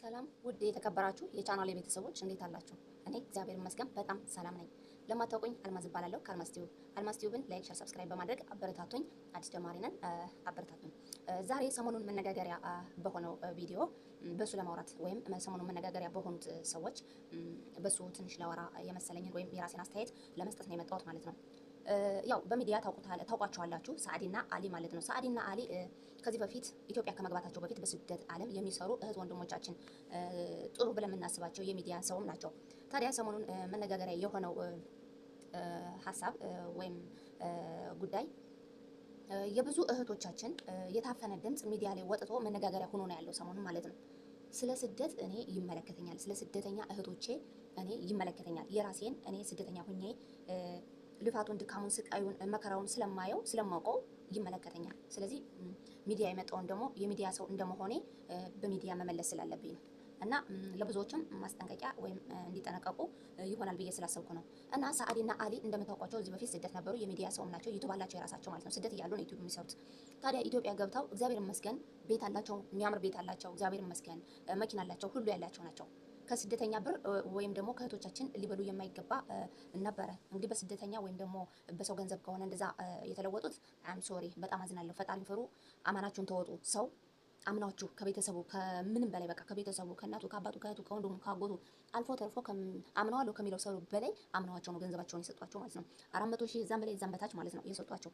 ሰላም ውድ የተከበራችሁ የቻናል ቤተሰቦች እንዴት አላችሁ? እኔ እግዚአብሔር ይመስገን በጣም ሰላም ነኝ። ለማታውቁኝ አልማዝ እባላለሁ ከአልማዝ ቲዩብ። አልማዝ ቲዩብን ላይክ፣ ሸር፣ ሰብስክራይብ በማድረግ አበረታቱኝ። አዲስ ጀማሪ ነን፣ አበረታቱኝ። ዛሬ ሰሞኑን መነጋገሪያ በሆነው ቪዲዮ በሱ ለማውራት ወይም ሰሞኑን መነጋገሪያ በሆኑት ሰዎች በሱ ትንሽ ለወራ የመሰለኝን ወይም የራሴን አስተያየት ለመስጠት ነው የመጣሁት ማለት ነው። ያው በሚዲያ ታውቁታለ ታውቋቸዋላችሁ ሰአዲና አሊ ማለት ነው። ሰአዲና አሊ ከዚህ በፊት ኢትዮጵያ ከመግባታቸው በፊት በስደት ዓለም የሚሰሩ እህት ወንድሞቻችን ጥሩ ብለን የምናስባቸው የሚዲያ ሰውም ናቸው። ታዲያ ሰሞኑን መነጋገሪያ የሆነው ሀሳብ ወይም ጉዳይ የብዙ እህቶቻችን የታፈነ ድምፅ ሚዲያ ላይ ወጥቶ መነጋገሪያ ሆኖ ነው ያለው ሰሞኑን ማለት ነው። ስለ ስደት እኔ ይመለከተኛል፣ ስለ ስደተኛ እህቶቼ እኔ ይመለከተኛል። የራሴን እኔ ስደተኛ ሁኜ ልፋቱን፣ ድካሙን፣ ስቃዩን፣ መከራውን ስለማየው ስለማውቀው ይመለከተኛል። ስለዚህ ሚዲያ የመጣውን ደግሞ የሚዲያ ሰው እንደመሆኔ በሚዲያ መመለስ ስላለብኝ ነው እና ለብዙዎችም ማስጠንቀቂያ ወይም እንዲጠነቀቁ ይሆናል ብዬ ስላሰብኩ ነው። እና ሰአዲ እና አሊ እንደምታውቋቸው እዚህ በፊት ስደት ነበሩ። የሚዲያ ሰውም ናቸው። ዩቱብ አላቸው የራሳቸው ማለት ነው። ስደት እያሉ ነው ዩቱብ የሚሰሩት። ታዲያ ኢትዮጵያ ገብተው እግዚአብሔር ይመስገን ቤት አላቸው፣ የሚያምር ቤት አላቸው፣ እግዚአብሔር ይመስገን መኪና አላቸው፣ ሁሉ ያላቸው ናቸው። ከስደተኛ ብር ወይም ደግሞ ከእህቶቻችን ሊበሉ የማይገባ ነበረ። እንግዲህ በስደተኛ ወይም ደግሞ በሰው ገንዘብ ከሆነ እንደዛ የተለወጡት አም ሶሪ በጣም አዝናለሁ። ፈጣሪ ፍሩ፣ አማናችሁን ተወጡ። ሰው አምናችሁ ከቤተሰቡ ከምንም በላይ በቃ ከቤተሰቡ ከእናቱ ከአባቱ ከእህቱ ከወንድሙ ከአጎቱ አልፎ ተርፎ አምነዋለሁ ከሚለው ሰው በላይ አምነዋቸው ነው ገንዘባቸውን የሰጧቸው ማለት ነው። አራት መቶ ሺህ እዛም በላይ እዛም በታች ማለት ነው የሰጧቸው።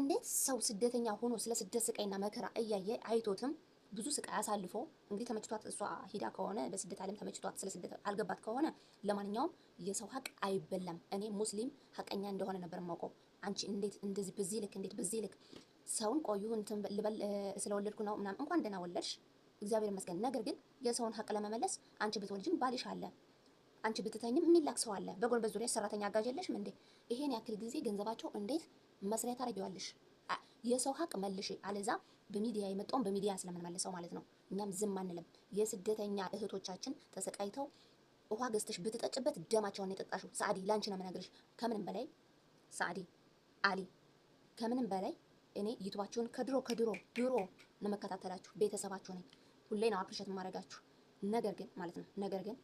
እንዴት ሰው ስደተኛ ሆኖ ስለ ስደት ስቃይና መከራ እያየ አይቶትም ብዙ ስቃይ አሳልፎ እንግዲህ ተመችቷት እሷ ሂዳ ከሆነ በስደት ዓለም ተመችቷት ስለ ስደት አልገባት ከሆነ ለማንኛውም የሰው ሀቅ አይበላም። እኔ ሙስሊም ሀቀኛ እንደሆነ ነበር የማውቀው። አንቺ እንዴት እንደዚህ በዚህ ልክ እንዴት በዚህ ልክ ሰውን ቆዩ እንትን ልበል ስለወለድኩ ነው ምናምን እንኳን ደህና ወለድሽ፣ እግዚአብሔር ይመስገን። ነገር ግን የሰውን ሀቅ ለመመለስ አንቺ ብትወልጂም ባልሽ አለ አንቺ ብትተኝም የሚላክ ሰው አለ። በጎን በዙሪያ ሰራተኛ አጋዥ የለሽም እንዴ? ይሄን ያክል ጊዜ ገንዘባቸው እንዴት መስሪያ ታደርጊዋለሽ? የሰው ሀቅ መልሽ፣ አለዛ በሚዲያ የመጣውን በሚዲያ ስለምንመልሰው ማለት ነው። እኛም ዝም አንልም። የስደተኛ እህቶቻችን ተሰቃይተው ውሃ ገዝተሽ ብትጠጭበት ደማቸውን የጠጣሽው ሳዲ፣ ላንቺ ነው የምነግርሽ። ከምንም በላይ ሳዲ አሊ፣ ከምንም በላይ እኔ ይቷችሁን ከድሮ ከድሮ ድሮ ነው መከታተላችሁ። ቤተሰባችሁ ነኝ። ሁሌ ነው አፕሪሼት ማድረጋችሁ። ነገር ግን ማለት ነው ነገር ግን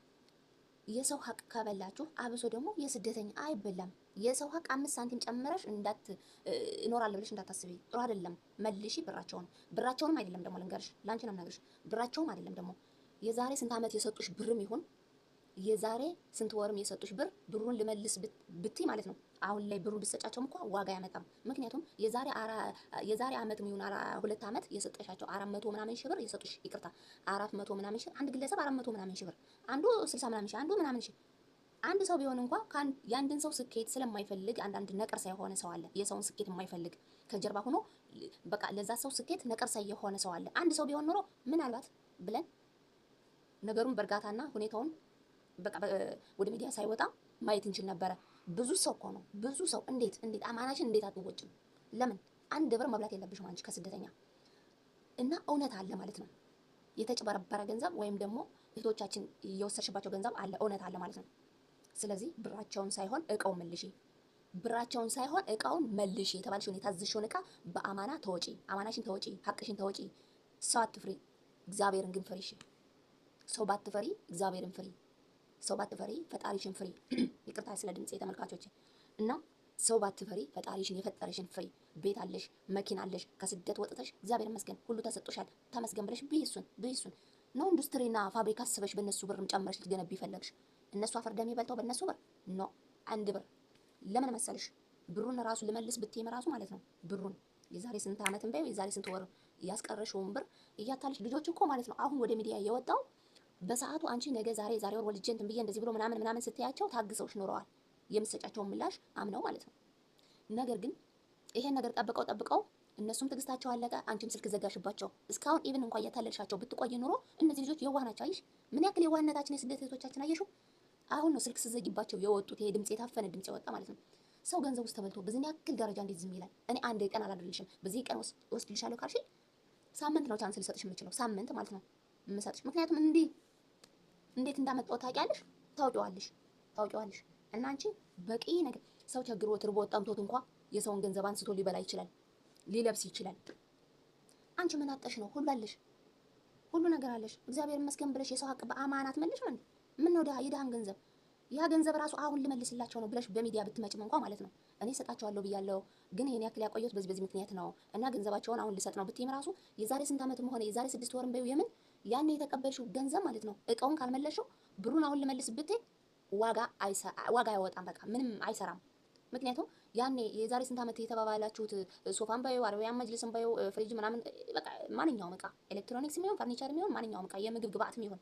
የሰው ሀቅ ከበላችሁ አብሶ ደግሞ የስደተኛ አይበላም። የሰው ሀቅ አምስት ሳንቲም ጨምረሽ እንዳት እኖራለሁ ብለሽ እንዳታስቢ፣ ጥሩ አይደለም። መልሺ ብራቸውን። ብራቸውንም አይደለም ደግሞ ልንገርሽ፣ ላንቺ ነው የምነግርሽ። ብራቸውም አይደለም ደግሞ የዛሬ ስንት ዓመት የሰጡሽ ብርም ይሁን የዛሬ ስንት ወርም የሰጡሽ ብር ብሩን ልመልስ ብትይ ማለት ነው። አሁን ላይ ብሩን ብትሰጫቸውም እንኳ ዋጋ ያመጣም። ምክንያቱም የዛሬ የዛሬ ዓመት ይሁን ሁለት ዓመት የሰጠሻቸው አራት መቶ ምናምን ሺህ ብር የሰጡሽ ይቅርታ፣ አራት መቶ ምናምን ሺህ አንድ ግለሰብ አራት መቶ ምናምን ሺህ ብር አንዱ ስልሳ ምናምን ሺህ አንዱ ምናምን ሺህ አንድ ሰው ቢሆን እንኳ የአንድን ሰው ስኬት ስለማይፈልግ አንዳንድ ነቀርሳ የሆነ ሰው አለ። የሰውን ስኬት የማይፈልግ ከጀርባ ሆኖ በቃ ለዛ ሰው ስኬት ነቀርሳ የሆነ ሰው አለ። አንድ ሰው ቢሆን ኖሮ ምናልባት ብለን ነገሩን በእርጋታና ሁኔታውን በቃ ወደ ሚዲያ ሳይወጣ ማየት እንችል ነበረ። ብዙ ሰው እኮ ነው ብዙ ሰው። እንዴት እንዴት አማናሽን እንዴት አትወጭም? ለምን አንድ ብር መብላት የለብሽም አንቺ ከስደተኛ እና እውነት አለ ማለት ነው የተጭበረበረ ገንዘብ ወይም ደግሞ እህቶቻችን እየወሰድሽባቸው ገንዘብ አለ እውነት አለ ማለት ነው። ስለዚህ ብራቸውን ሳይሆን እቃውን መልሽ፣ ብራቸውን ሳይሆን እቃውን መልሺ። የተባለሽውን የታዘዝሽውን እቃ በአማና ተወጪ፣ አማናሽን ተወጪ፣ ሀቅሽን ተወጪ። ሰው አትፍሪ፣ እግዚአብሔርን ግን ፍሪሽ። ሰው ባትፈሪ እግዚአብሔርን ፍሪ። ሰው ባትፈሪ ፈጣሪሽን ፍሪ። ይቅርታ ስለ ድምጽ የተመልካቾች እና ሰው ባትፈሪ ፈጣሪሽን የፈጠረሽን ፍሪ። ቤት አለሽ፣ መኪና አለሽ፣ ከስደት ወጥተሽ እግዚአብሔር ይመስገን ሁሉ ተሰጥቶሻል፣ ተመስገን ብለሽ ብይ እሱን ነው ኢንዱስትሪና ፋብሪካ አስበሽ በእነሱ ብርም ጨምረሽ ልትገነቢ ፈለግሽ። እነሱ አፈር ደም ይበልተው በእነሱ ብር ኖ አንድ ብር ለምን መሰልሽ? ብሩን ራሱ ልመልስ ብትይም ራሱ ማለት ነው ብሩን የዛሬ ስንት ዓመት እንበይ የዛሬ ስንት ወር ያስቀረሽውን ብር እያታለሽ ልጆች እኮ ማለት ነው አሁን ወደ ሚዲያ የወጣው በሰዓቱ አንቺ ነገ ዛሬ ዛሬ ወር ወልጄ እንትን ብዬ እንደዚህ ብሎ ምናምን ምናምን ስትያቸው ታግሰውሽ ኖረዋል። የምትሰጫቸውን ምላሽ አምነው ማለት ነው። ነገር ግን ይሄን ነገር ጠብቀው ጠብቀው እነሱም ትግስታቸው አለቀ። አንቺም ስልክ ዘጋሽባቸው። እስካሁን ኢቭን እንኳን እያታለልሻቸው ብትቆይ ኑሮ እነዚህ ልጆች የዋህ ናቸው። አይሽ ምን ያክል የዋህነታችን የስደት እህቶቻችን አየሽው። አሁን ነው ስልክ ስዘጊባቸው የወጡት። ይሄ ድምጽ የታፈነ ድምጽ የወጣ ማለት ነው። ሰው ገንዘብ ውስጥ ተበልቶ በዚህ ያክል ደረጃ እንዴት ዝም ይላል? እኔ አንድ ቀን አላደርልሽም፣ በዚህ ቀን ውስጥ ወስድልሻለሁ ካልሽ ሳምንት ነው ቻንስ ልሰጥሽ የምችለው፣ ሳምንት ማለት ነው የምሰጥሽ። ምክንያቱም እንዲህ እንዴት እንዳመጣው ታውቂያለሽ፣ ታውቂዋለሽ፣ ታውቂዋለሽ። እና አንቺ በቂ ነገር ሰው ቸግሮት ርቦት ጠምቶት እንኳ የሰውን ገንዘብ አንስቶ ሊበላ ይችላል። ሊለብስ ይችላል። አንቺ ምን አጠሽ ነው? ሁሉ አለሽ፣ ሁሉ ነገር አለሽ። እግዚአብሔር ይመስገን ብለሽ የሰው ሀቅ በአማናት መልሽ ነው። ምን ነው የድሃን ገንዘብ ያ ገንዘብ ራሱ አሁን ልመልስላቸው ነው ብለሽ በሚዲያ ብትመጭም እንኳ ማለት ነው እኔ ሰጣቸዋለሁ ብያለሁ፣ ግን ይሄን ያክል ያቆየሁት በዚህ በዚህ ምክንያት ነው እና ገንዘባቸውን አሁን ልሰጥ ነው ብትይም ራሱ የዛሬ ስንት ዓመትም ሆነ የዛሬ ስድስት ወርም በይው የምን ያኔ የተቀበልሽው ገንዘብ ማለት ነው እቃውን ካልመለሽው ብሩን አሁን ልመልስ ብትይ ዋጋ አይወጣም። በቃ ምንም አይሰራም። ምክንያቱም ያኔ የዛሬ ስንት ዓመት የተባባላችሁት ሶፋን ባዩ አረቢያን መጅልስን ባዩ ፍሪጅ ምናምን በቃ ማንኛውም እቃ ኤሌክትሮኒክስ የሚሆን ፈርኒቸር የሚሆን ማንኛውም እቃ የምግብ ግብአት የሚሆን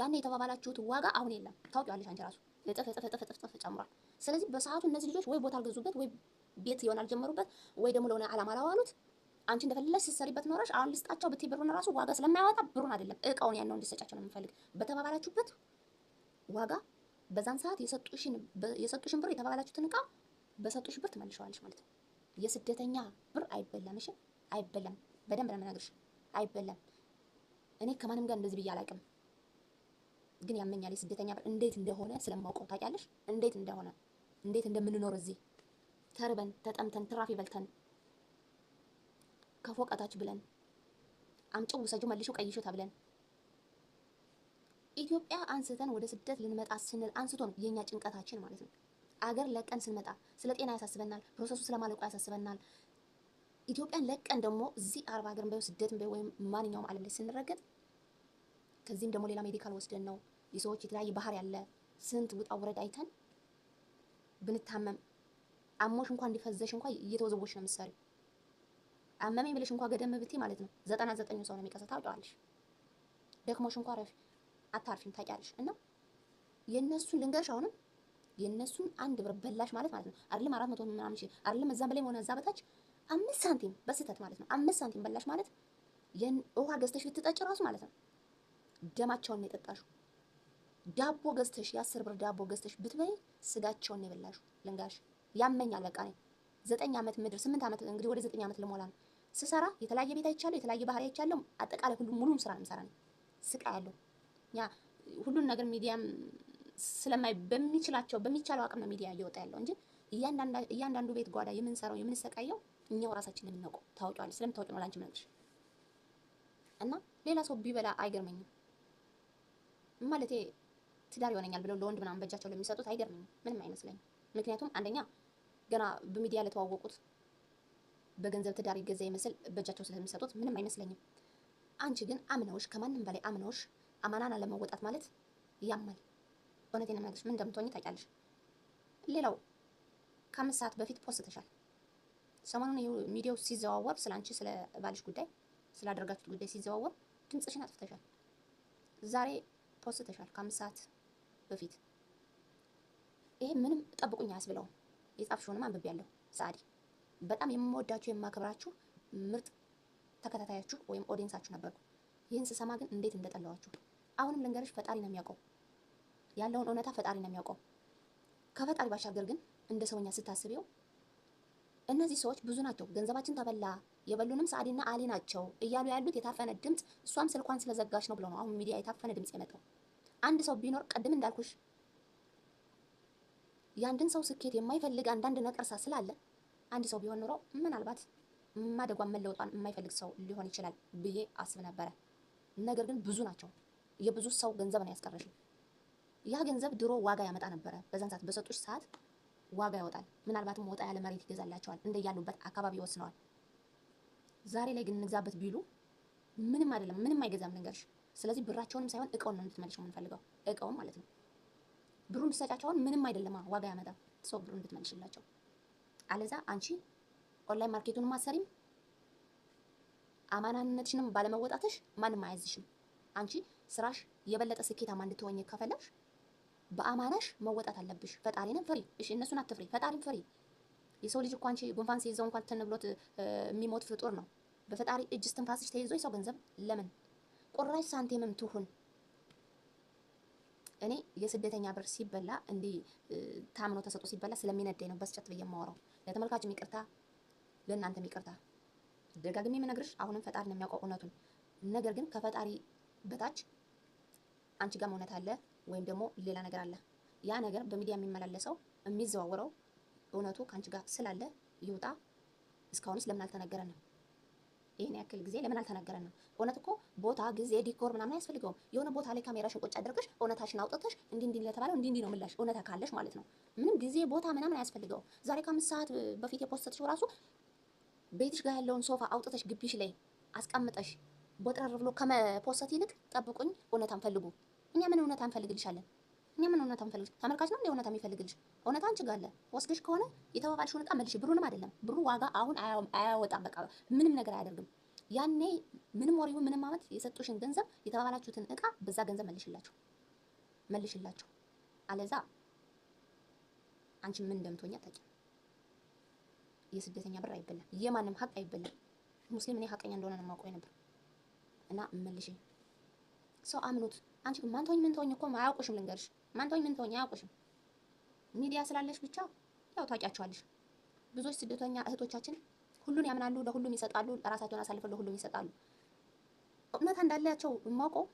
ያኔ የተባባላችሁት ዋጋ አሁን የለም። ታውቂዋለሽ አንቺ ራሱ እጥፍ እጥፍ እጥፍ እጥፍ ጨምሯል። ስለዚህ በሰዓቱ እነዚህ ልጆች ወይ ቦታ አልገዙበት ወይ ቤት የሆነ አልጀመሩበት ወይ ደግሞ ለሆነ አላማ አላዋሉት። አንቺ እንደፈለግሽ ስትሰሪበት ኖረሽ አሁን ልስጣቸው ብትይ ብሩን ራሱ ዋጋ ስለማያወጣ ብሩን አይደለም እቃውን ያነው እንዲሰጫቸው ነው የምንፈልግ። በተባባላችሁበት ዋጋ በዛን ሰዓት የሰጡሽን የሰጡሽን ብር የተባባላችሁትን እቃ በሰጡሽ ብር ትመልሸዋለሽ ማለት ነው። የስደተኛ ብር አይበላም። እሺ አይበላም። በደንብ ነው አይበላም። እኔ ከማንም ጋር እንደዚህ ብዬ አላውቅም፣ ግን ያመኛል። የስደተኛ ብር እንዴት እንደሆነ ስለማውቀው ታውቂያለሽ፣ እንዴት እንደሆነ እንዴት እንደምንኖር እዚህ ተርበን ተጠምተን ትራፊ በልተን ከፎቀታች ብለን አምጪው ውሰጁ መልሽው ቀይሾ ተብለን ኢትዮጵያ አንስተን ወደ ስደት ልንመጣ ስንል ነው የኛ ጭንቀታችን ማለት ነው። አገር ለቀን ስንመጣ ስለ ጤና ያሳስበናል። ፕሮሰሱ ስለማለቁ ያሳስበናል። ኢትዮጵያን ለቀን ደግሞ እዚህ አረብ ሀገር በ ስደት ወይም ማንኛውም ዓለም ላይ ስንረገጥ ከዚህም ደግሞ ሌላ ሜዲካል ወስደን ነው የሰዎች የተለያየ ባህር ያለ ስንት ውጣ ውረድ አይተን ብንታመም አሞሽ እንኳን እንዲፈዘሽ እንኳን እየተወዘወሽ ነው የምትሰሪው። አመመኝ ብለሽ እንኳን ገደም ብቴ ማለት ነው ዘጠና ዘጠኝ ሰው ነው የሚቀሰው ታውቂዋለሽ። ደክሞሽ እንኳን አታርፊም ታውቂያለሽ። እና የእነሱን ልንገርሽ አሁንም የእነሱን አንድ ብር በላሽ ማለት ማለት ነው አይደለም አራት መቶ ምናምን ሺህ አይደለም እዛም በላይ ሆነ እዛ በታች አምስት ሳንቲም በስተት ማለት ነው አምስት ሳንቲም በላሽ ማለት ውሃ ገዝተሽ ልትጠጭ ራሱ ማለት ነው ደማቸውን ነው የጠጣሽው። ዳቦ ገዝተሽ የአስር ብር ዳቦ ገዝተሽ ብትበይ ስጋቸውን ነው የበላሽው። ልንጋሽ ያመኛል። በቃ እኔ ዘጠኝ ዓመት ምድር ስምንት ዓመት እንግዲህ ወደ ዘጠኝ ዓመት ልሞላ ነው ስሰራ የተለያየ ቤት አይቻለሁ፣ የተለያየ ባህሪ አይቻለሁ። አጠቃላይ ሁሉም ሙሉም ስራ ነው የምሰራ ነው ስቃ ያለው ያ ሁሉን ነገር ሚዲያም ስለማይ በሚችላቸው በሚቻለው አቅም ነው ሚዲያ እየወጣ ያለው እንጂ እያንዳንዱ ቤት ጓዳ የምንሰራው የምንሰቃየው እኛው ራሳችን የምናውቀው ታውቂዋለሽ። ስለምታውቂ ነው ላንቺ ምነግርሽ እና ሌላ ሰው ቢበላ አይገርመኝም። ማለቴ ትዳር ይሆነኛል ብለው ለወንድ ምናምን በእጃቸው ለሚሰጡት አይገርመኝም፣ ምንም አይመስለኝም። ምክንያቱም አንደኛ ገና በሚዲያ ለተዋወቁት በገንዘብ ትዳር ይገዛ ይመስል በእጃቸው ስለሚሰጡት ምንም አይመስለኝም። አንቺ ግን አምነውሽ፣ ከማንም በላይ አምነውሽ፣ አማናና ለመወጣት ማለት ያማል። እውነቴን የምነግርሽ ምን እንደምትሆኚ ታውቂያለሽ። ሌላው ከአምስት ሰዓት በፊት ፖስተሻል። ሰሞኑን ሚዲያው ሲዘዋወር ስለ አንቺ ስለ ባልሽ ጉዳይ ስላደረጋችሁት ጉዳይ ሲዘዋወር ድምፅሽን አጥፍተሻል። ዛሬ ፖስተሻል ከአምስት ሰዓት በፊት። ይሄ ምንም ጠብቁኝ አያስብለውም። የጻፍሽውንም አንብቤያለሁ። ሰአዲ በጣም የምወዳችሁ የማከብራችሁ ምርጥ ተከታታያችሁ ወይም ኦዲየንሳችሁ ነበርኩ። ይህን ስሰማ ግን እንዴት እንደጠላዋችሁ አሁንም ልንገርሽ፣ ፈጣሪ ነው የሚያውቀው። ያለውን እውነታ ፈጣሪ ነው የሚያውቀው። ከፈጣሪ ባሻገር ግን እንደ ሰውኛ ስታስቢው እነዚህ ሰዎች ብዙ ናቸው፣ ገንዘባችን ተበላ፣ የበሉንም ሰአዲና አሊ ናቸው እያሉ ያሉት የታፈነ ድምፅ፣ እሷም ስልኳን ስለዘጋች ነው ብሎ ነው አሁን ሚዲያ የታፈነ ድምፅ የመጣው። አንድ ሰው ቢኖር ቀድም እንዳልኩሽ የአንድን ሰው ስኬት የማይፈልግ አንዳንድ ነቀርሳ ስላለ አንድ ሰው ቢሆን ኑሮ ምናልባት ማደጓን መለወጧን የማይፈልግ ሰው ሊሆን ይችላል ብዬ አስብ ነበረ። ነገር ግን ብዙ ናቸው። የብዙ ሰው ገንዘብ ነው ያስቀረሽው። ያ ገንዘብ ድሮ ዋጋ ያመጣ ነበረ። በዛን ሰዓት በሰጡሽ ሰዓት ዋጋ ያወጣል። ምናልባትም ወጣ ያለ መሬት ይገዛላቸዋል። እንደ ያሉበት አካባቢ ይወስነዋል። ዛሬ ላይ ግን እንግዛበት ቢሉ ምንም አይደለም፣ ምንም አይገዛም ነገርሽ። ስለዚህ ብራቸውንም ሳይሆን እቃውን ነው እንድትመልሺው የምንፈልገው፣ እቃውን ማለት ነው። ብሩን ብትሰጫቸውን ምንም አይደለም፣ ዋጋ ያመጣ ሰው ብሩን እንድትመልሽላቸው፣ አለዛ አንቺ ኦንላይን ማርኬቱን ማሰሪም አማናነትሽንም ባለመወጣትሽ ማንም አያዝሽም። አንቺ ስራሽ የበለጠ ስኬታማ እንድትሆኝ ከፈለግሽ በአማናሽ መወጣት አለብሽ። ፈጣሪንም ፍሪ። እሺ እነሱን አትፍሪ፣ ፈጣሪን ፍሪ። የሰው ልጅ እንኳን ጉንፋን ሲይዘው እንኳን ትን የሚሞት ፍጡር ነው። በፈጣሪ እጅ እስትንፋስሽ ተይዞ የሰው ገንዘብ ለምን ቁራሽ ሳንቲምም ትሁን እኔ የስደተኛ ብር ሲበላ እንዲህ ታምኖ ተሰጦ ሲበላ ስለሚነደኝ ነው በስጨት ብዬ የማወራው። ለተመልካችም ይቅርታ፣ ለእናንተም ይቅርታ። ደጋግሜ የምነግርሽ አሁንም ፈጣሪ ነው የሚያውቀው እውነቱን። ነገር ግን ከፈጣሪ በታች አንቺ ጋር እውነት አለ ወይም ደግሞ ሌላ ነገር አለ። ያ ነገር በሚዲያ የሚመላለሰው የሚዘዋወረው እውነቱ ከአንቺ ጋር ስላለ ይውጣ። እስካሁንስ ለምን አልተነገረንም? ይህን ያክል ጊዜ ለምን አልተነገረንም? እውነት እኮ ቦታ፣ ጊዜ፣ ዲኮር ምናምን አያስፈልገውም። የሆነ ቦታ ላይ ካሜራሽን ቁጭ አድርገሽ እውነታሽን አውጥተሽ እንዲህ እንዲህ ለተባለው እንዲህ እንዲህ ነው ምላሽ እውነታ ካለሽ ማለት ነው። ምንም ጊዜ፣ ቦታ ምናምን አያስፈልገው። ዛሬ ከአምስት ሰዓት በፊት የፖስተሽው ራሱ ቤትሽ ጋር ያለውን ሶፋ አውጥተሽ ግቢሽ ላይ አስቀምጠሽ ቦጥረር ብሎ ከመፖሰት ይልቅ ጠብቁኝ፣ እውነታን ፈልጉ እኛ ምን እውነታ እንፈልግልሻለን? እኛ ምን እውነታ እንፈልግልሽ? ተመልካች ነው እንደ እውነታ የሚፈልግልሽ? እውነታ አንቺ ጋር አለ። ወስድሽ ከሆነ የተባባልሽውን ዕቃ መልሽ። ብሩንም አይደለም ብሩ ዋጋ አሁን አያወጣም። በቃ ምንም ነገር አያደርግም። ያኔ ምንም ወሬው ምንም አመት የሰጡሽን ገንዘብ የተባባላችሁትን እቃ በዛ ገንዘብ መልሽላችሁ መልሽላችሁ። አለዛ አንቺ ምን እንደምትሆኛ ታቂ። የስደተኛ ብር አይበላም፣ የማንም ሀቅ አይበላም። ሙስሊም እኔ ሀቀኛ እንደሆነ ነው የማውቀው ነበር እና መልሽ ሰው አምኖት አንቺ ግን ማን ትሆኝ ምን ትሆኝ እኮ አያውቁሽም። ልንገርሽ ማን ትሆኝ ምን ትሆኝ አያውቁሽም። ሚዲያ ስላለሽ ብቻ ያው ታውቂያቸዋለሽ። ብዙዎች ስደተኛ እህቶቻችን ሁሉን ያምናሉ፣ ለሁሉም ይሰጣሉ፣ ራሳቸውን አሳልፈው ለሁሉም ይሰጣሉ። እውነት እንዳላቸው የማውቀው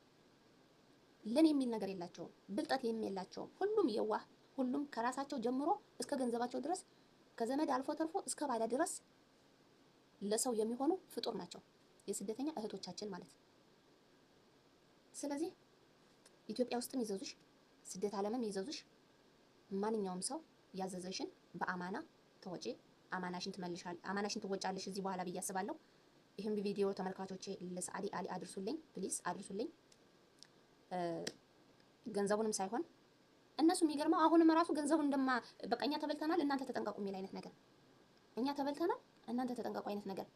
ለኔ የሚል ነገር የላቸውም፣ ብልጠት የላቸውም። ሁሉም የዋህ ሁሉም ከራሳቸው ጀምሮ እስከ ገንዘባቸው ድረስ ከዘመድ አልፎ ተርፎ እስከ ባዳ ድረስ ለሰው የሚሆኑ ፍጡር ናቸው፣ የስደተኛ እህቶቻችን ማለት። ስለዚህ ኢትዮጵያ ውስጥም ይዘዙሽ፣ ስደት ዓለምም ይዘዙሽ። ማንኛውም ሰው ያዘዘሽን በአማና ተወጪ፣ አማናሽን ትመልሻል፣ አማናሽን ትወጫለሽ እዚህ በኋላ ብዬ አስባለሁ። ይህም ቪዲዮ ተመልካቾቼ ለሰዓዲ አሊ አድርሱልኝ፣ ፕሊዝ አድርሱልኝ። ገንዘቡንም ሳይሆን እነሱ የሚገርመው አሁንም ራሱ ገንዘቡን እንደማ በቃ እኛ ተበልተናል እናንተ ተጠንቀቁ የሚል አይነት ነገር፣ እኛ ተበልተናል እናንተ ተጠንቀቁ አይነት ነገር።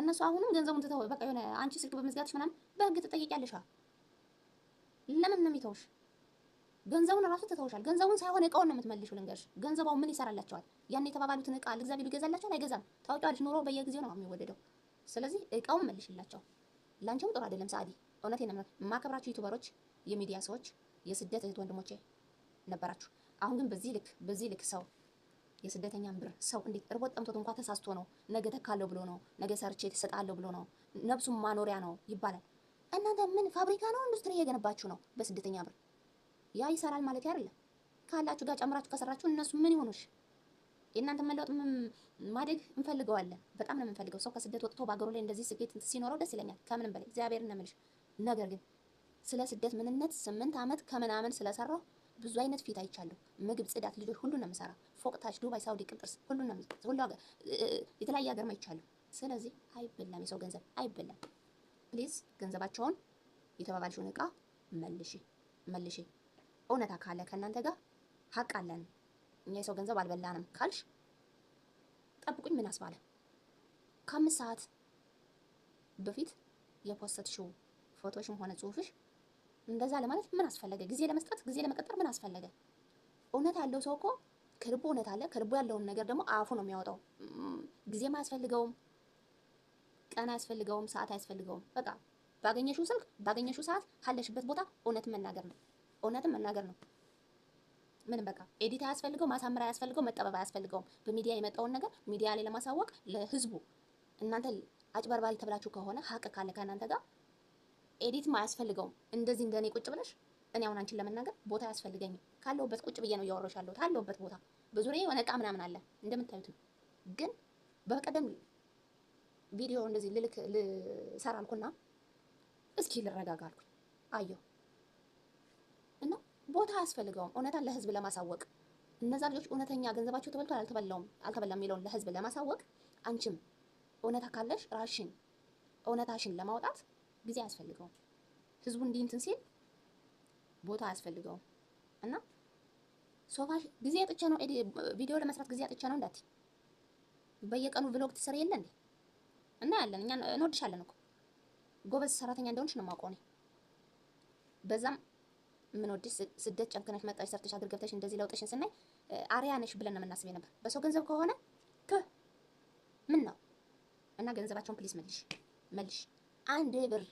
እነሱ አሁንም ገንዘቡን ትተው በቃ የሆነ አንቺ ስልክ በመዝጋትሽ ምናምን በህግ ትጠይቂያለሽ። ለምን ነው የሚተውሽ? ገንዘቡን ራሱ ትተውሻል። ገንዘቡን ሳይሆን እቃውን ነው የምትመልሽው። ልንገርሽ፣ ገንዘባው ምን ይሰራላቸዋል? ያን የተባባሉትን እቃ ለእግዚአብሔር ይገዛላቸዋል? አይገዛም። ታውቂዋለሽ፣ ኑሮ በየጊዜው ነው የሚወደደው። ስለዚህ እቃውን መልሽላቸው። ላንቺም ጥሩ አይደለም ሳዲ። እውነቴን ነው የማከብራችሁ ዩቲዩበሮች፣ የሚዲያ ሰዎች፣ የስደት እህት ወንድሞቼ ነበራችሁ። አሁን ግን በዚህ ልክ በዚህ ልክ ሰው የስደተኛን ብር ሰው እንዴት እርቦት ጠምቶት እንኳን ተሳስቶ ነው ነገ ተካለው ብሎ ነው ነገ ሰርቼ ትሰጣለሁ ብሎ ነው ነብሱን ማኖሪያ ነው ይባላል። እናንተ ምን ፋብሪካ ነው ኢንዱስትሪ እየገነባችሁ ነው በስደተኛ ብር? ያ ይሰራል ማለት አይደለም። ካላችሁ ጋር ጨምራችሁ ከሰራችሁ እነሱ ምን ይሆኑሽ? የእናንተ መለወጥ ማደግ እንፈልገዋለን። በጣም ነው የምንፈልገው። ሰው ከስደት ወጥቶ በአገሩ ላይ እንደዚህ ስኬት ሲኖረው ደስ ይለኛል ከምንም በላይ እግዚአብሔር እነምልሽ። ነገር ግን ስለ ስደት ምንነት ስምንት ዓመት ከምናምን ስለሰራው ብዙ አይነት ፊት አይቻለሁ። ምግብ፣ ጽዳት፣ ልጆች ሁሉ ነው የምሰራ። ፎቅ፣ ታች፣ ዱባይ፣ ሳውዲ፣ ቅንጥርስ ሁሉ ነው ሁሉ የተለያየ ሀገር አይቻለሁ። ስለዚህ አይበላም፣ የሰው ገንዘብ አይበላም። ፕሊዝ ገንዘባቸውን የተባባልሽውን እቃ መልሺ መልሺ። እውነታ ካለ ከእናንተ ጋር ሀቅ አለን እኛ የሰው ገንዘብ አልበላንም ካልሽ ጠብቁኝ ምን አስባለ። ከአምስት ሰዓት በፊት የፖስተትሽው ፎቶሽም ሆነ ጽሁፍሽ እንደዛ ለማለት ምን አስፈለገ? ጊዜ ለመስጠት ጊዜ ለመቀጠር ምን አስፈለገ? እውነት ያለው ሰው እኮ ከልቡ እውነት አለ። ከልቡ ያለውን ነገር ደግሞ አፉ ነው የሚያወጣው። ጊዜም አያስፈልገውም። ቀን አያስፈልገውም፣ ሰዓት አያስፈልገውም። በቃ ባገኘሽው ስልክ ባገኘሽው ሰዓት ካለሽበት ቦታ እውነት መናገር ነው። እውነትም መናገር ነው። ምንም በቃ ኤዲት አያስፈልገው፣ ማሳመር አያስፈልገው፣ መጠበብ አያስፈልገውም። በሚዲያ የመጣውን ነገር ሚዲያ ላይ ለማሳወቅ ለህዝቡ እናንተ አጭበርባሪ ተብላችሁ ከሆነ ሀቅ ካለ ከእናንተ ጋር ኤዲትም አያስፈልገውም። እንደዚህ እንደኔ ቁጭ ብለሽ እኔ አሁን አንቺን ለመናገር ቦታ አያስፈልገኝም። ካለሁበት ቁጭ ብዬ ነው እያወራሁሽ ያለሁት። ካለሁበት ቦታ በዙሪያ የሆነ እቃ ምናምን አለ እንደምታዩት ነው። ግን በቀደም ቪዲዮ እንደዚህ ልልክ ልሰራ አልኩና እስኪ ልረጋጋ አልኩኝ። አየሁ እና ቦታ አያስፈልገውም እውነታን ለህዝብ ለማሳወቅ እነዛ ልጆች እውነተኛ ገንዘባቸው ተበልቷል አልተበላውም አልተበላም የሚለውን ለህዝብ ለማሳወቅ አንቺም እውነታ ካለሽ ራሽን እውነታሽን ለማውጣት ጊዜ አያስፈልገውም። ህዝቡ እንዲህ እንትን ሲል ቦታ አያስፈልገውም እና ሶፋ ጊዜ አጥቼ ነው ቪዲዮ ለመስራት ጊዜ አጥቼ ነው እንዳትይ። በየቀኑ ብሎግ ትሰሪ የለ እንዴ? እና ያለን እኛ እንወድሻለን እኮ ጎበዝ ሰራተኛ እንደሆንሽ ነው የማውቀው እኔ። በዛም ምን ወድሽ ስደት ጨምክነሽ መጣሽ ሰርተሽ አገር ገብተሽ እንደዚህ ለውጥሽን ስናይ አሪያ ነሽ ብለን ነው የምናስብ ነበር። በሰው ገንዘብ ከሆነ ከ ምን ነው እና ገንዘባቸውን ፕሊስ መልሽ መልሽ። አንድ ብር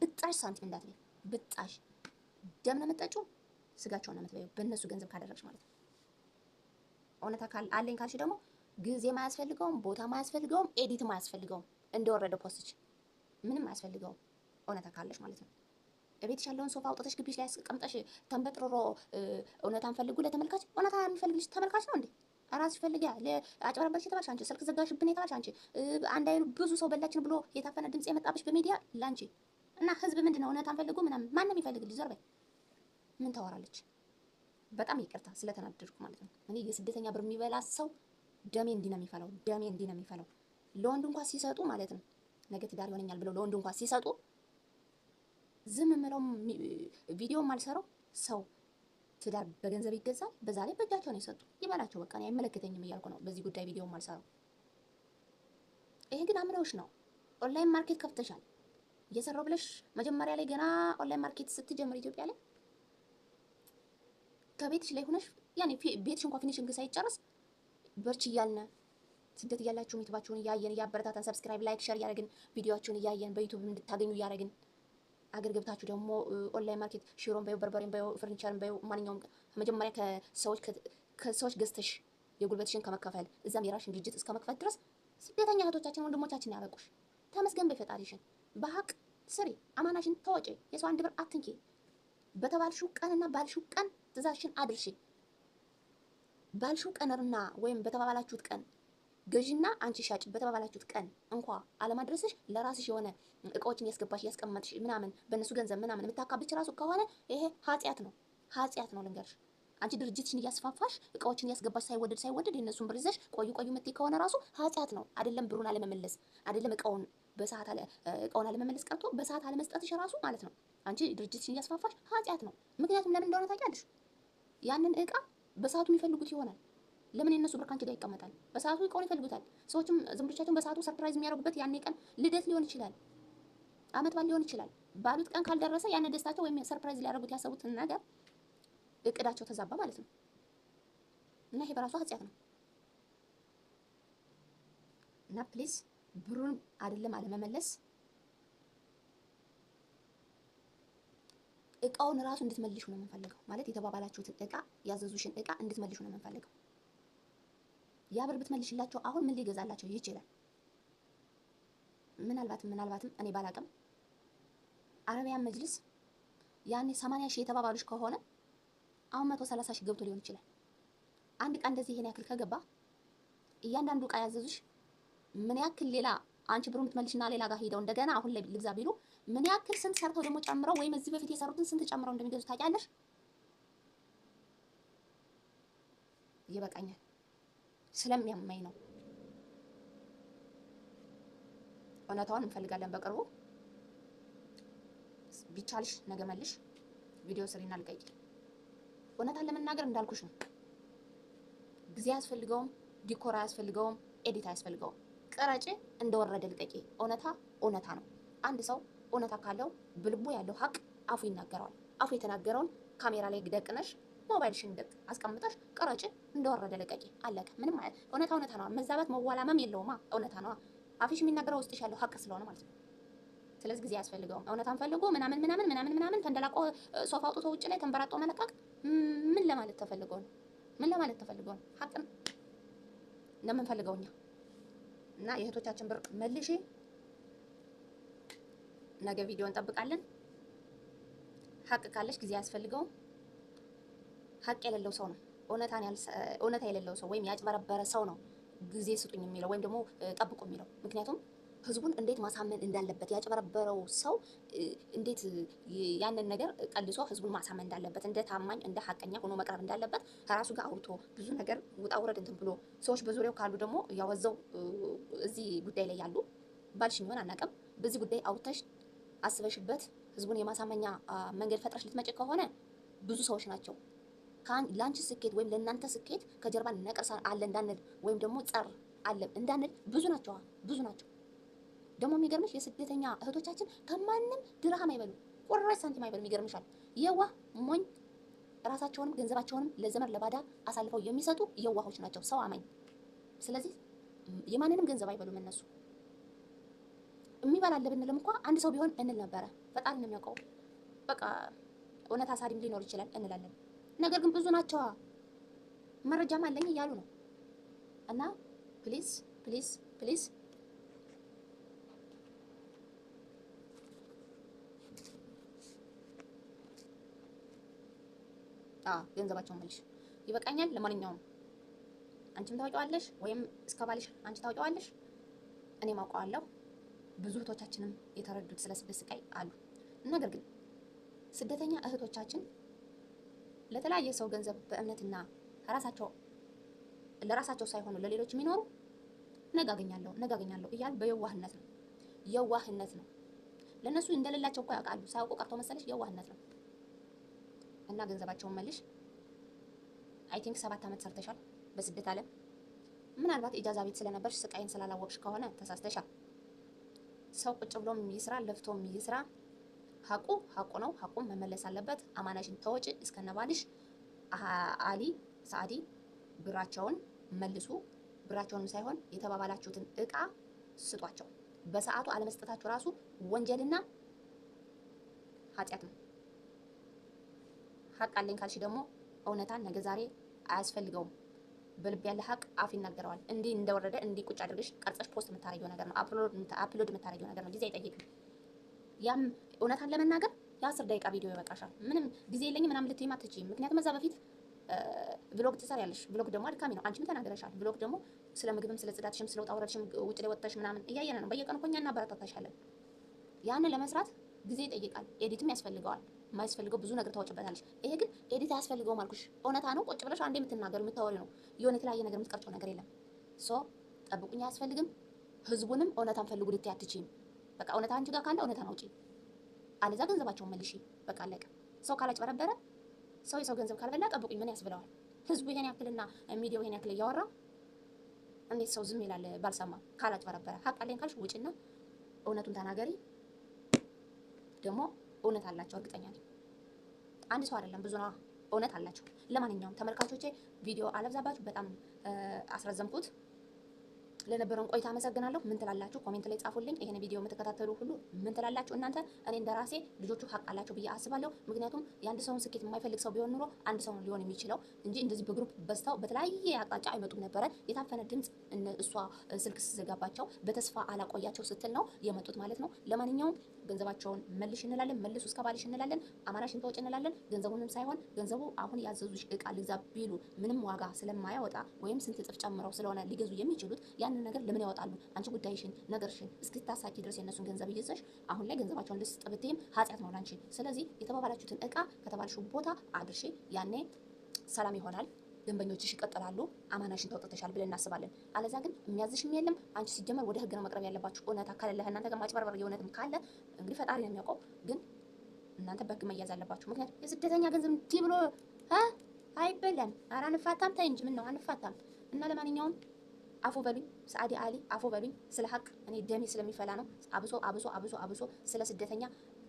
ብጣሽ ሳንቲም እንዳትል ብጣሽ ደም ነው የምትጠጪው፣ ስጋቸውን ነው የምትበይው። በእነሱ ገንዘብ ካደረግሽ ማለት ነው። እውነታ አለኝ ካልሽ ደግሞ ጊዜ ማያስፈልገውም፣ ቦታ ማያስፈልገውም፣ ኤዲት ማያስፈልገውም። እንደወረደ ፖስች። ምንም አያስፈልገውም። እውነታ ካለሽ ማለት ነው። ቤትሽ ያለውን ሶፋ አውጥተሽ ግቢሽ ላይ አስቀምጠሽ ተንበጥሮሮ እውነታን ፈልጉ ለተመልካች። እውነታ የሚፈልግ ልጅ ተመልካች ነው እንዴ? ራስሽ ፈልጊ። አጭበረበርሽ የተባልሽ አንቺ፣ ስልክ ዘጋሽብን የተባልሽ አንቺ፣ አንድ አይሉ ብዙ ሰው በላችን ብሎ የታፈነ ድምጽ የመጣብሽ በሚዲያ ላንቺ እና ህዝብ ምንድን ነው እውነታን ፈልጉ ምናምን ማንም ይፈልግ ልጅ ዞር በይ። ምን ታወራለች? በጣም ይቅርታ ስለተናደድኩ ማለት ነው። እኔ የስደተኛ ብር የሚበላ ሰው ደሜ እንዲህ ነው የሚፈለው፣ ደሜ እንዲህ ነው የሚፈለው። ለወንድ እንኳን ሲሰጡ ማለት ነው ነገ ትዳር ይሆነኛል ብለው ለወንድ እንኳን ሲሰጡ ዝም ምለው ቪዲዮ አልሰራው ሰው ትዳር በገንዘብ ይገዛል። በዛ ላይ በእጃቸው ነው የሰጡ። ይበላቸው በቃ አይመለከተኝም እያልኩ ነው። በዚህ ጉዳይ ቪዲዮ አልሰራው። ይሄ ግን አምነውሽ ነው። ኦንላይን ማርኬት ከፍተሻል እየሰራው ብለሽ መጀመሪያ ላይ ገና ኦንላይን ማርኬት ስትጀምር ኢትዮጵያ ላይ ከቤትሽ ላይ ሆነሽ ያኔ ቤትሽ እንኳን ፊኒሽንግ ሳይጨርስ በርች እያልነ ስደት እያላችሁ ዩቱባችሁን እያየን እያበረታታን ሰብስክራይብ፣ ላይክ፣ ሸር እያደረግን ቪዲዮችሁን እያየን በዩቱብ እንድታገኙ እያደረግን አገር ገብታችሁ ደግሞ ኦንላይን ማርኬት ሽሮን በዩ በርበሬን በዩ ፈርኒቸርን በዩ ማንኛውም መጀመሪያ ከሰዎች ከሰዎች ገዝተሽ የጉልበትሽን ከመከፈል እዛም የራሽን ድርጅት እስከ መክፈል ድረስ ስደተኛ እህቶቻችን ወንድሞቻችን ያበቁሽ። ተመስገን በፈጣሪሽን በሀቅ ስሪ፣ አማናሽን ተወጪ፣ የሰው አንድ ብር አትንኪ። በተባልሽው ቀንና ባልሽው ቀን ትእዛዝሽን አድርሽ። ባልሽው ቀንና ወይም በተባባላችሁት ቀን ገዥና አንቺ ሻጭ በተባባላችሁት ቀን እንኳ አለማድረስሽ ለራስሽ የሆነ እቃዎችን ያስገባሽ ያስቀመጥሽ ምናምን በእነሱ ገንዘብ ምናምን የምታካብች ራሱ ከሆነ ይሄ ኃጢአት ነው፣ ኃጢአት ነው ልንገርሽ። አንቺ ድርጅትሽን እያስፋፋሽ እቃዎችን ያስገባሽ ሳይወደድ ሳይወደድ የእነሱን ብር ይዘሽ ቆዩ ቆዩ ምትይ ከሆነ ራሱ ኃጢአት ነው። አይደለም ብሩን አለመመለስ አይደለም እቃውን በሰዓት አለ እቃውን አለመመለስ ቀርቶ በሰዓት አለመስጠትሽ ራሱ ማለት ነው። አንቺ ድርጅትሽን እያስፋፋሽ ኃጢአት ነው። ምክንያቱም ለምን እንደሆነ ታውቂያለሽ። ያንን እቃ በሰዓቱ የሚፈልጉት ይሆናል ለምን የነሱ ብር ካንቺ ጋር ይቀመጣል? በሰዓቱ እቃውን ይፈልጉታል። ሰዎችም ዘመዶቻቸውን በሰዓቱ ሰርፕራይዝ የሚያደርጉበት ያኔ ቀን ልደት ሊሆን ይችላል፣ አመት በዓል ሊሆን ይችላል። ባሉት ቀን ካልደረሰ ያኔ ደስታቸው ወይም ሰርፕራይዝ ሊያደርጉት ያሰቡት ነገር እቅዳቸው ተዛባ ማለት ነው። እና ይሄ በራሱ ኃጢያት ነው። እና ፕሊዝ ብሩን አይደለም አለመመለስ እቃውን ራሱ እንድትመልሹ ነው የምንፈልገው። ማለት የተባባላችሁትን እቃ ያዘዙሽን እቃ እንድትመልሹ ነው የምንፈልገው። ያ ብር ብትመልሽላቸው አሁን ምን ሊገዛላቸው ይችላል? ምናልባትም ምናልባትም እኔ ባላቅም አረቢያን መጅልስ ያኔ 80 ሺህ የተባባሉሽ ከሆነ አሁን 130 ሺህ ገብቶ ሊሆን ይችላል። አንድ ቃ እንደዚህ ይሄን ያክል ከገባ እያንዳንዱ እቃ ያዘዙሽ ምን ያክል ሌላ አንቺ ብሩን ትመልሽና ሌላ ጋር ሄደው እንደገና አሁን ላይ ልግዛ ቢሉ ምን ያክል ስንት ሰርተው ደግሞ ጨምረው ወይም እዚህ በፊት የሰሩትን ስንት ጨምረው እንደሚገዙ ታውቂያለሽ? ይበቃኛል። ስለሚያመኝ ነው። እውነታውን እንፈልጋለን። በቅርቡ ቢቻልሽ ነገ መልሽ ቪዲዮ ስሪና ልቀይቅ። እውነታን ለመናገር እንዳልኩሽ ነው። ጊዜ አያስፈልገውም፣ ዲኮር አያስፈልገውም፣ ኤዲት አያስፈልገውም። ቅረጭ እንደወረደ ልቀቂ። እውነታ እውነታ ነው። አንድ ሰው እውነታ ካለው ብልቡ ያለው ሀቅ አፉ ይናገረዋል። አፉ የተናገረውን ካሜራ ላይ ደቅነሽ ሞባይልሽን ደግ አስቀምጠሽ ቅረጭ፣ እንደወረደ ለቀቂ፣ አለቀ። ምንም ማለት እውነታ እውነታ ነዋ። መዛባት መዋላመም የለውማ። እውነታ ነዋ። አፍሽ የሚናገረው ውስጥሽ ያለው ሀቅ ስለሆነ ማለት ነው። ስለዚህ ጊዜ አያስፈልገውም። እውነታን ፈልጎ ምናምን ምናምን ምናምን ምናምን ተንደላቆ ሶፋ አውጥቶ ውጭ ላይ ተንበራጦ መለቀቅ ምን ለማለት ተፈልጎ ነው? ምን ለማለት ተፈልጎ ነው? ሀቅን እንደምንፈልገው እኛ እና የእህቶቻችን ብር መልሼ ነገ ቪዲዮ እንጠብቃለን። ሀቅ ካለሽ ጊዜ አያስፈልገውም። ሀቅ የሌለው ሰው ነው። እውነታ የሌለው ሰው ወይም ያጭበረበረ ሰው ነው ጊዜ ስጡኝ የሚለው ወይም ደግሞ ጠብቁ የሚለው ምክንያቱም ህዝቡን እንዴት ማሳመን እንዳለበት ያጭበረበረው ሰው እንዴት ያንን ነገር ቀልሶ ህዝቡን ማሳመን እንዳለበት እንደ ታማኝ እንደ ሀቀኛ ሆኖ መቅረብ እንዳለበት ከራሱ ጋር አውርቶ ብዙ ነገር ውጣ ውረድ እንትን ብሎ ሰዎች በዙሪያው ካሉ ደግሞ ያወዛው እዚህ ጉዳይ ላይ ያሉ ባልሽ የሚሆን አናውቅም። በዚህ ጉዳይ አውጥተሽ አስበሽበት ህዝቡን የማሳመኛ መንገድ ፈጥረሽ ልትመጭ ከሆነ ብዙ ሰዎች ናቸው ለአንቺ ስኬት ወይም ለእናንተ ስኬት ከጀርባ ነቀርሳ አለ እንዳንል ወይም ደግሞ ጸር አለ እንዳንል ብዙ ናቸው፣ ብዙ ናቸው። ደግሞ የሚገርምሽ የስደተኛ እህቶቻችን ከማንም ድርሃም አይበሉ፣ ቁራሽ ሳንቲም አይበሉ። ይገርምሻል። የዋህ ሞኝ፣ ራሳቸውንም ገንዘባቸውንም ለዘመድ ለባዳ አሳልፈው የሚሰጡ የዋሆች ናቸው፣ ሰው አማኝ። ስለዚህ የማንንም ገንዘብ አይበሉም እነሱ። የሚበላለ ብንልም እንኳ አንድ ሰው ቢሆን እንል ነበረ። ፈጣሪ ነው የሚያውቀው። በቃ እውነት አሳዲም ሊኖር ይችላል እንላለን። ነገር ግን ብዙ ናቸዋ መረጃም አለኝ እያሉ ነው። እና ፕሊዝ ፕሊዝ ፕሊዝ ገንዘባቸውን መልሽ። ይበቃኛል። ለማንኛውም አንቺም ታውቂዋለሽ ወይም እስከ ባልሽ አንቺ ታውቂዋለሽ፣ እኔም አውቀዋለሁ። ብዙ እህቶቻችንም የተረዱት ስለ ስደት ስቃይ አሉ። ነገር ግን ስደተኛ እህቶቻችን ለተለያየ ሰው ገንዘብ በእምነትና ከራሳቸው ለራሳቸው ሳይሆኑ ለሌሎች የሚኖሩ ነገ አገኛለሁ ነገ አገኛለሁ እያሉ በየዋህነት ነው። የዋህነት ነው። ለእነሱ እንደሌላቸው እኮ ያውቃሉ። ሳያውቁ ቀርቶ መሰለሽ የዋህነት ነው። እና ገንዘባቸውን መልሽ። አይ ቲንክ ሰባት ዓመት ሰርተሻል በስደት ዓለም። ምናልባት ኢጃዛ ቤት ስለነበርሽ ስቃይን ስላላወቅሽ ከሆነ ተሳስተሻል። ሰው ቁጭ ብሎም ይስራ ለፍቶም ይስራ ሀቁ ሀቁ ነው። ሀቁም መመለስ አለበት። አማናሽን ተወጪ እስከነባልሽ አሊ ሳዲ ብራቸውን መልሱ። ብራቸውን ሳይሆን የተባባላችሁትን እቃ ስጧቸው። በሰዓቱ አለመስጠታችሁ ራሱ ወንጀልና ኃጢአት ነው። ሀቅ አለኝ ካልሽ ደግሞ እውነታን ነገ ዛሬ አያስፈልገውም። በልብ ያለ ሀቅ አፍ ይናገረዋል። እንዲህ እንደወረደ እንዲህ ቁጭ አድርገሽ ቀርጸሽ ፖስት የምታረጊው ነገር ነው። አፕሎድ የምታረጊው ነገር ነው። ጊዜ አይጠይቅም። ያም እውነታን ለመናገር የአስር ደቂቃ ቪዲዮ ይበቃሻል። ምንም ጊዜ የለኝም ምናምን ልትይም አትችይም። ምክንያቱም እዛ በፊት ብሎግ ትሰሪያለሽ። ብሎግ ደግሞ አድካሚ ነው። አንቺም ተናግረሻል። ብሎግ ደግሞ ስለ ምግብም ስለ ጽዳትሽም ስለ ውጣ ውረድሽም ውጭ ላይ ወጥተሽ ምናምን እያየን ነው። በየቀኑ እኮ እኛ እናበረታታሻለን። ያንን ለመስራት ጊዜ ይጠይቃል። ኤዲትም ያስፈልገዋል። የማያስፈልገው ብዙ ነገር ታወጭበታለሽ። ይሄ ግን ኤዲት አያስፈልገውም አልኩሽ። እውነታ ነው። ቁጭ ብለሽ አንዴ የምትናገሩ የምታወሪ ነው። የሆነ የተለያየ ነገር የምትቀርጨው ነገር የለም። ሶ ጠብቁኝ አያስፈልግም። ህዝቡንም እውነታን ፈልጉ ልትይ አትችይም። በቃ እውነታ አንቺ ጋር ካለ እውነት አውጪ፣ አለዛ ገንዘባቸውን መልሺ። በቃ አለቀ። ሰው ካላጭበረበረ ሰው የሰው ገንዘብ ካልበላ ጠብቁኝ ምን ያስብለዋል? ህዝቡ ይሄን ያክልና ሚዲያው ይሄን ያክል እያወራ እንዴት ሰው ዝም ይላል? ባልሰማ ካላጭበረበረ ሀቅ አለኝ ካልሽ ውጭና እውነቱን ተናገሪ። ደግሞ እውነት አላቸው እርግጠኛ ነኝ። አንድ ሰው አይደለም ብዙ እውነት አላቸው። ለማንኛውም ተመልካቾቼ ቪዲዮ አለብዛባችሁ፣ በጣም አስረዘምኩት። ለነበረን ቆይታ አመሰግናለሁ። ምን ትላላችሁ? ኮሜንት ላይ ጻፉልኝ። ይሄን ቪዲዮ የምትከታተሉ ሁሉ ምን ትላላችሁ እናንተ? እኔ እንደራሴ ልጆቹ ሀቅ አላቸው ብዬ አስባለሁ። ምክንያቱም የአንድ ሰውን ስኬት የማይፈልግ ሰው ቢሆን ኑሮ አንድ ሰው ሊሆን የሚችለው እንጂ እንደዚህ በግሩፕ በዝተው በተለያየ አቅጣጫ አይመጡም ነበረ። የታፈነ ድምፅ እሷ ስልክ ስዘጋባቸው በተስፋ አላቆያቸው ስትል ነው የመጡት ማለት ነው። ለማንኛውም ገንዘባቸውን መልሽ እንላለን፣ መልሱ እስከ ባልሽ እንላለን፣ አማናሽን ተወጪ እንላለን። ገንዘቡንም ሳይሆን ገንዘቡ አሁን ያዘዙሽ እቃ ልግዛ ቢሉ ምንም ዋጋ ስለማያወጣ ወይም ስንት እጥፍ ጨምረው ስለሆነ ሊገዙ የሚችሉት ያንን ነገር ለምን ያወጣሉ? አንቺ ጉዳይሽን ነገርሽን እስክታሳኪ ድረስ የነሱን ገንዘብ ይዘሽ አሁን ላይ ገንዘባቸውን ልስጥ ብትይም ኃጢአት ነው ላንቺ። ስለዚህ የተባባላችሁትን እቃ ከተባልሽው ቦታ አድርሺ። ያኔ ሰላም ይሆናል። ደንበኞችሽ ይቀጥላሉ፣ አማናሽን ተወጥተሻል ብለን እናስባለን። አለዛ ግን የሚያዝሽም የለም። አንቺ ሲጀመር ወደ ህግ ነው መቅረብ ያለባችሁ። እውነታ ከሌለህ እናንተ ጋር ማጭበርበር የእውነትም ካለ እንግዲህ ፈጣሪ ነው የሚያውቀው። ግን እናንተ በህግ መያዝ አለባችሁ። ምክንያቱም የስደተኛ ገንዘብ እንዲህ ብሎ አይበለን። ኧረ አንፋታም፣ ተይ እንጂ ምን ነው አንፋታም። እና ለማንኛውም አፎ በሉኝ ሰአዲ አሊ አፎ በሉኝ። ስለ ሀቅ እኔ ደሜ ስለሚፈላ ነው። አብሶ አብሶ አብሶ አብሶ ስለ ስደተኛ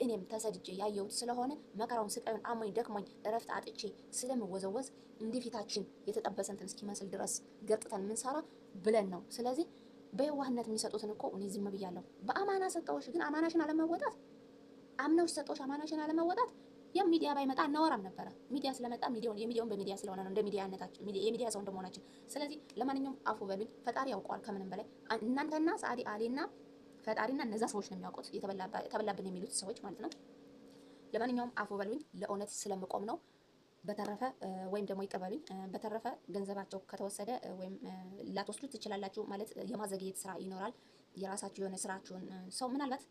እኔም ተሰድጄ ያየሁት ስለሆነ መከራውን ስቃዩን አሞኝ ደክሞኝ እረፍት አጥቼ ስለምወዘወዝ እንዲፊታችን ፊታችን የተጠበሰ እንትን እስኪመስል ድረስ ገጥተን ምንሰራ ብለን ነው። ስለዚህ በየዋህነት የሚሰጡትን እኮ እኔ ዝም ብያለሁ። በአማና ሰጠዎች ግን አማናሽን አለመወጣት አምነውሽ ሰጠዎች አማናሽን አለመወጣት ያ ሚዲያ ባይመጣ እናወራም ነበረ። ሚዲያ ስለመጣ ሚዲያውን የሚዲያውን በሚዲያ ስለሆነ ነው እንደ ሚዲያ የሚዲያ ሰው እንደመሆናችን። ስለዚህ ለማንኛውም አፉ በሉኝ፣ ፈጣሪ ያውቀዋል ከምንም በላይ እናንተና ሰዓዲ አሌና ፈጣሪና እነዛ ሰዎች ነው የሚያውቁት፣ የተበላብን የሚሉት ሰዎች ማለት ነው። ለማንኛውም አፎ በሉኝ፣ ለእውነት ስለምቆም ነው። በተረፈ ወይም ደግሞ ይቀበሉኝ። በተረፈ ገንዘባቸው ከተወሰደ ወይም ላትወስዱ ትችላላችሁ። ማለት የማዘግየት ስራ ይኖራል። የራሳችሁ የሆነ ስራችሁን ሰው ምናልባት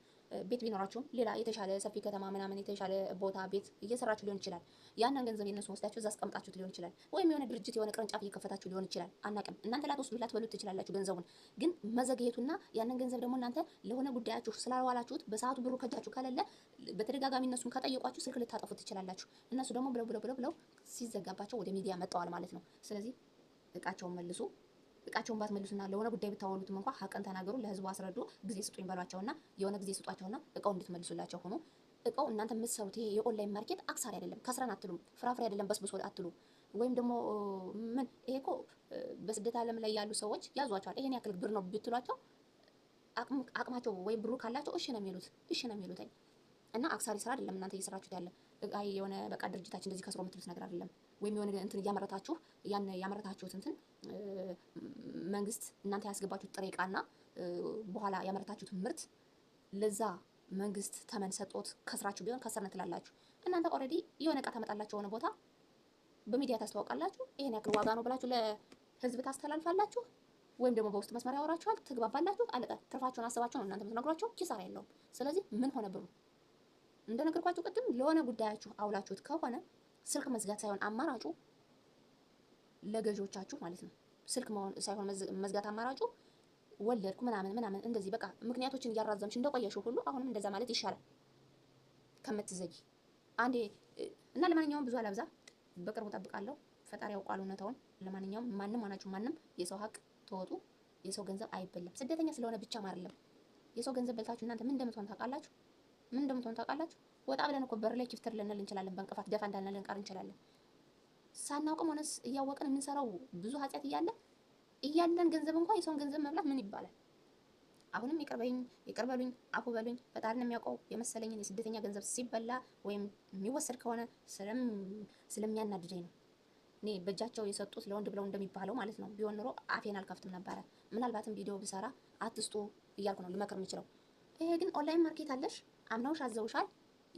ቤት ቢኖራችሁም ሌላ የተሻለ ሰፊ ከተማ ምናምን የተሻለ ቦታ ቤት እየሰራችሁ ሊሆን ይችላል። ያንን ገንዘብ የነሱ ወስዳችሁ እዛ አስቀምጣችሁት ሊሆን ይችላል። ወይም የሆነ ድርጅት የሆነ ቅርንጫፍ እየከፈታችሁ ሊሆን ይችላል። አናቅም። እናንተ ላትወስዱ ላትበሉት ትችላላችሁ። ገንዘቡን ግን መዘግየቱና ያንን ገንዘብ ደግሞ እናንተ ለሆነ ጉዳያችሁ ስላልዋላችሁት በሰዓቱ ብሩ ከጃችሁ ከሌለ በተደጋጋሚ እነሱን ከጠየቋችሁ ስልክ ልታጠፉ ትችላላችሁ። እነሱ ደግሞ ብለው ብለው ብለው ሲዘጋባቸው ወደ ሚዲያ መጠዋል ማለት ነው። ስለዚህ እቃቸውን መልሱ። እቃቸውን ባትመልሱና ለሆነ ጉዳይ ብታወሉትም እንኳ ሀቀን ተናገሩ፣ ለህዝቡ አስረዱ፣ ጊዜ ስጡኝ በሏቸውና የሆነ ጊዜ ስጧቸውና እቃው እንድትመልሱላቸው ሆኖ እቃው እናንተ የምትሰሩት ይሄ የኦንላይን ማርኬት አክሳሪ አይደለም፣ ከስራን አትሉም፣ ፍራፍሬ አይደለም፣ በስብሶ አትሉም። ወይም ደግሞ ምን ይሄ እኮ በስደት ዓለም ላይ ያሉ ሰዎች ያዟቸዋል። ይሄን ያክል ብር ነው ብትሏቸው አቅማቸው ወይም ብሩ ካላቸው እሺ ነው የሚሉት፣ እሺ ነው የሚሉት እና አክሳሪ ስራ አይደለም እናንተ እየሰራችሁት ያለ የሆነ በቃ ድርጅታችን እንደዚህ ከስሮ የምትሉት ነገር አይደለም። ወይም የሆነ እንትን እያመረታችሁ ያን ያመረታችሁት እንትን መንግስት እናንተ ያስገባችሁት ጥሬ ዕቃና በኋላ ያመረታችሁት ምርት ለዛ መንግስት ተመን ሰጦት ከስራችሁ ቢሆን ከሰርነት ትላላችሁ። እናንተ ኦልሬዲ የሆነ እቃ ታመጣላችሁ የሆነ ቦታ በሚዲያ ታስተዋውቃላችሁ። ይሄን ያክል ዋጋ ነው ብላችሁ ለህዝብ ታስተላልፋላችሁ። ወይም ደግሞ በውስጥ መስመር ያወራችኋል፣ ትግባባላችሁ፣ አለቀ። ትርፋችሁን አስባችሁ ነው እናንተ የምትነግሯቸው፣ ኪሳራ የለውም። ስለዚህ ምን ሆነ ብሩ እንደነገርኳችሁ ቅድም ለሆነ ጉዳያችሁ አውላችሁት ከሆነ ስልክ መዝጋት ሳይሆን አማራጩ ለገዢዎቻችሁ ማለት ነው። ስልክ ሳይሆን መዝጋት አማራጩ ወለድኩ ምናምን ምናምን እንደዚህ በቃ ምክንያቶችን እያራዘምሽ እንደቆየሽው ሁሉ አሁንም እንደዛ ማለት ይሻላል ከምትዘጊ አንዴ እና ለማንኛውም ብዙ አላብዛ፣ በቅርቡ ጠብቃለሁ። ፈጣሪ ያውቃል እውነታውን። ለማንኛውም ማንም ሆናችሁ ማንም የሰው ሀቅ ተወጡ። የሰው ገንዘብ አይበላም። ስደተኛ ስለሆነ ብቻ አይደለም። የሰው ገንዘብ በልታችሁ እናንተ ምን እንደምትሆን ታውቃላችሁ። ምን እንደምትሆን ታውቃላችሁ። ወጣ ብለን እኮ በር ላይ ኪፍትር ልንል እንችላለን። በእንቅፋት ደፋ እንዳልን ልንቀር እንችላለን። ሳናውቅም ሆነስ እያወቅን የምንሰራው ብዙ ኃጢአት እያለ እያለን ገንዘብ እንኳን የሰውን ገንዘብ መብላት ምን ይባላል? አሁንም ይቅርበኝ ይቅርበሉኝ አፉ በሉኝ ፈጣሪን የሚያውቀው የመሰለኝን የስደተኛ ገንዘብ ሲበላ ወይም የሚወሰድ ከሆነ ስለሚያናድደኝ ነው። እኔ በእጃቸው የሰጡት ለወንድ ብለው እንደሚባለው ማለት ነው። ቢሆን ኑሮ አፌን አልከፍትም ነበረ። ምናልባትም ቪዲዮ ብሰራ አትስጡ እያልኩ ነው ልመክር የምችለው። ይሄ ግን ኦንላይን ማርኬት አለሽ፣ አምነውሽ አዘውሻል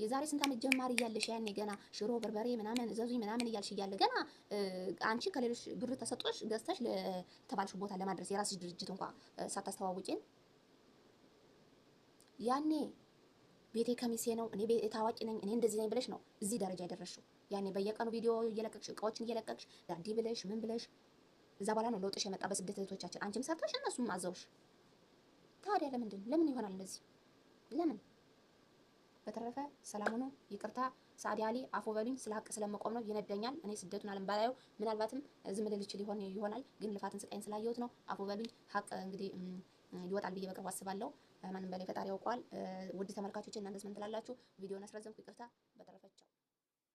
የዛሬ ስንት ዓመት ጀማሪ እያለሽ ያኔ ገና ሽሮ በርበሬ ምናምን ዘዙኝ ምናምን እያልሽ እያለ ገና አንቺ ከሌሎች ብር ተሰጦች ገዝተሽ ለተባልሽ ቦታ ለማድረስ የራስሽ ድርጅት እንኳ ሳታስተዋውቂን ያኔ ቤቴ ከሚሴ ነው፣ እኔ ቤቴ ታዋቂ ነኝ፣ እኔ እንደዚህ ነኝ ብለሽ ነው እዚህ ደረጃ የደረስሽው። ያኔ በየቀኑ ቪዲዮ እየለቀቅሽ እቃዎችን እየለቀቅሽ ዳንዲ ብለሽ ምን ብለሽ እዛ በኋላ ነው ለውጥሽ የመጣ በስደት እህቶቻችን፣ አንቺም ሰርተሽ እነሱም አዘውሽ። ታዲያ ለምንድን ለምን ይሆናል እንደዚህ ለምን በተረፈ ሰላም ሆኖ ይቅርታ ሳዲ አሊ አፎ በሉኝ። ስለ ሀቅ ስለመቆም ነው ይነደኛል። እኔ ስደቱን አለም ባላየው ምናልባትም ዝም ልል ይችል ይሆን ይሆናል፣ ግን ልፋትን ስቃይን ስላየሁት ነው። አፎ በሉኝ። ሀቅ እንግዲህ ይወጣል ብዬ በቅርቡ አስባለሁ። ማንም በላይ ፈጣሪ ያውቀዋል። ውድ ተመልካቾች እናንተስ ምን ትላላችሁ? ቪዲዮውን አስረዘምኩ፣ ይቅርታ። በተረፈ